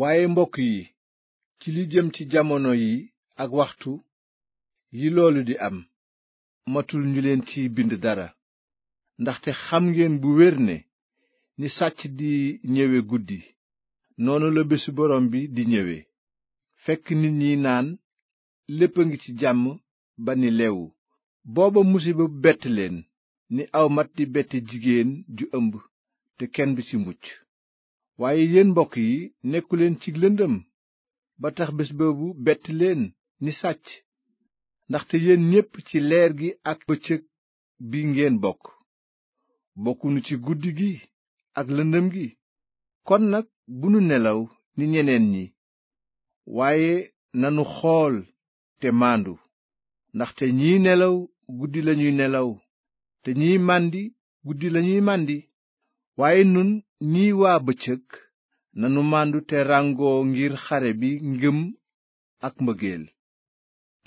waaye mbokk yi ci li jëm ci jamono yi ak waxtu yi loolu di am matul ñu leen ci bind dara ndaxte xam ngeen bu wér ne ni sàcc di ñëwe guddi noonu la bésu borom bi di ñëwe fekk nit ñi naan lépp a ngi ci jàmm ba ni leewu booba musiba bett leen ni aw mat di bette jigéen ju ëmb te kenn du ci mucc waaye yéen mbokk yi nekkuleen ci lëndëm ba tax bés boobu bett leen ni sàcc ndaxte yéen ñépp ci leer gi ak bëccëg bi ngeen bokk bokkunu ci guddi gi ak lëndëm gi kon nag bu nu nelaw ni ñeneen ñi waaye nanu xool te maandu ndaxte ñiy nelaw guddi lañuy nelaw te ñiy màndi guddi lañuy màndi waaye nun ñiy waa bëccëg nanu màndu te ràngoo ngir xare bi ngëm ak mbëggeel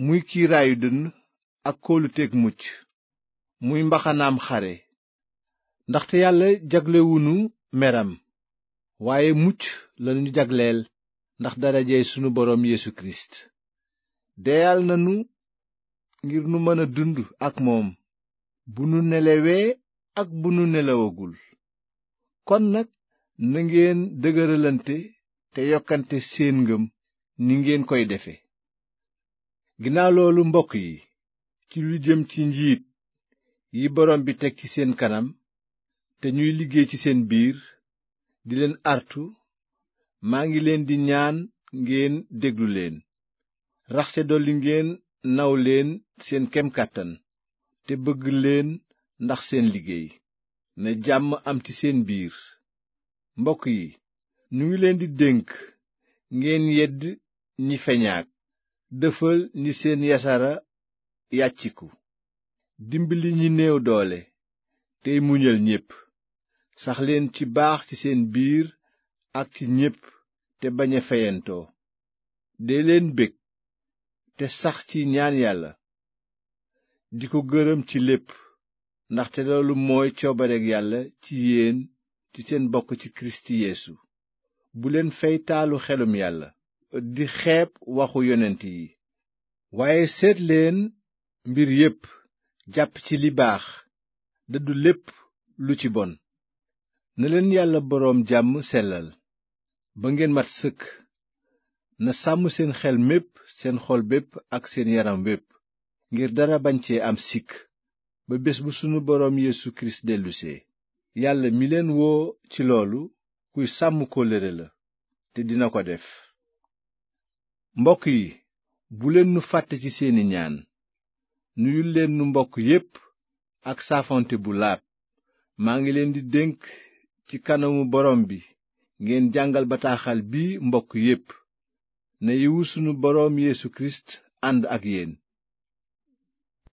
muy kiiraayu dënn ak kóoluteeg mucc muy mbaxanaam xare ndaxte yàlla jaglewuñu meram waaye mucc lañu jagleel ndax darajey sunu boroom Yeesu Kirist deyal nanu ngir nu mën a dund ak moom bu nu nelawee ak bu nu nelawagul kon nag na ngeen dëgëralante te yokkante seen ngëm ni ngeen koy defe ginnaaw loolu mbokk yi ci lu jëm ci njiit yi borom bi teg ci seen kanam te ñuy liggéey ci seen biir di leen artu maa ngi leen di ñaan ngeen déglu leen raxte dolli ngeen naw leen seen kem kàttan te bëgg leen ndax seen liggéey na jàmm am ci seen biir mbokk yi ñu ngi leen di dénk ngeen yedd ñi feñaak dëfal ñi seen yasara yàcciku dimbali ñi néew doole tey muñal ñépp saxleen ci baax ci seen biir ak ci ñépp te bañ a feyantoo dee leen bég te sax ci ñaan yàlla di ko gërëm ci lépp ndaxte loolu mooy coobareek yàlla ci yéen ci seen bokk ci kirist yeesu bu leen fey taalu xelum yàlla di xeeb waxu yonent yi waaye seet leen mbir yépp jàpp ci li baax dëddu lépp lu ci bon na leen yàlla boroom jàmm sellal ba ngeen mat sëkk na sàmm seen xel mépp seen xool bépp ak seen yaram wépp ngir dara bañ cee am sikk ba bés bu sunu boroom yéesu kirist dellusee yàlla mi leen woo ci loolu kuy sàmm kóllëre la te dina ko def mbokk yi bu leen nu fàtte ci seeni ñaan nuyul leen nu mbokk yépp ak saafonte bu laab maa ngi leen di dénk ci kanamu borom bi ngeen jàngal bataaxal bi mbokk yépp na yiwu sunu boroom Yesu kirist ànd ak yéen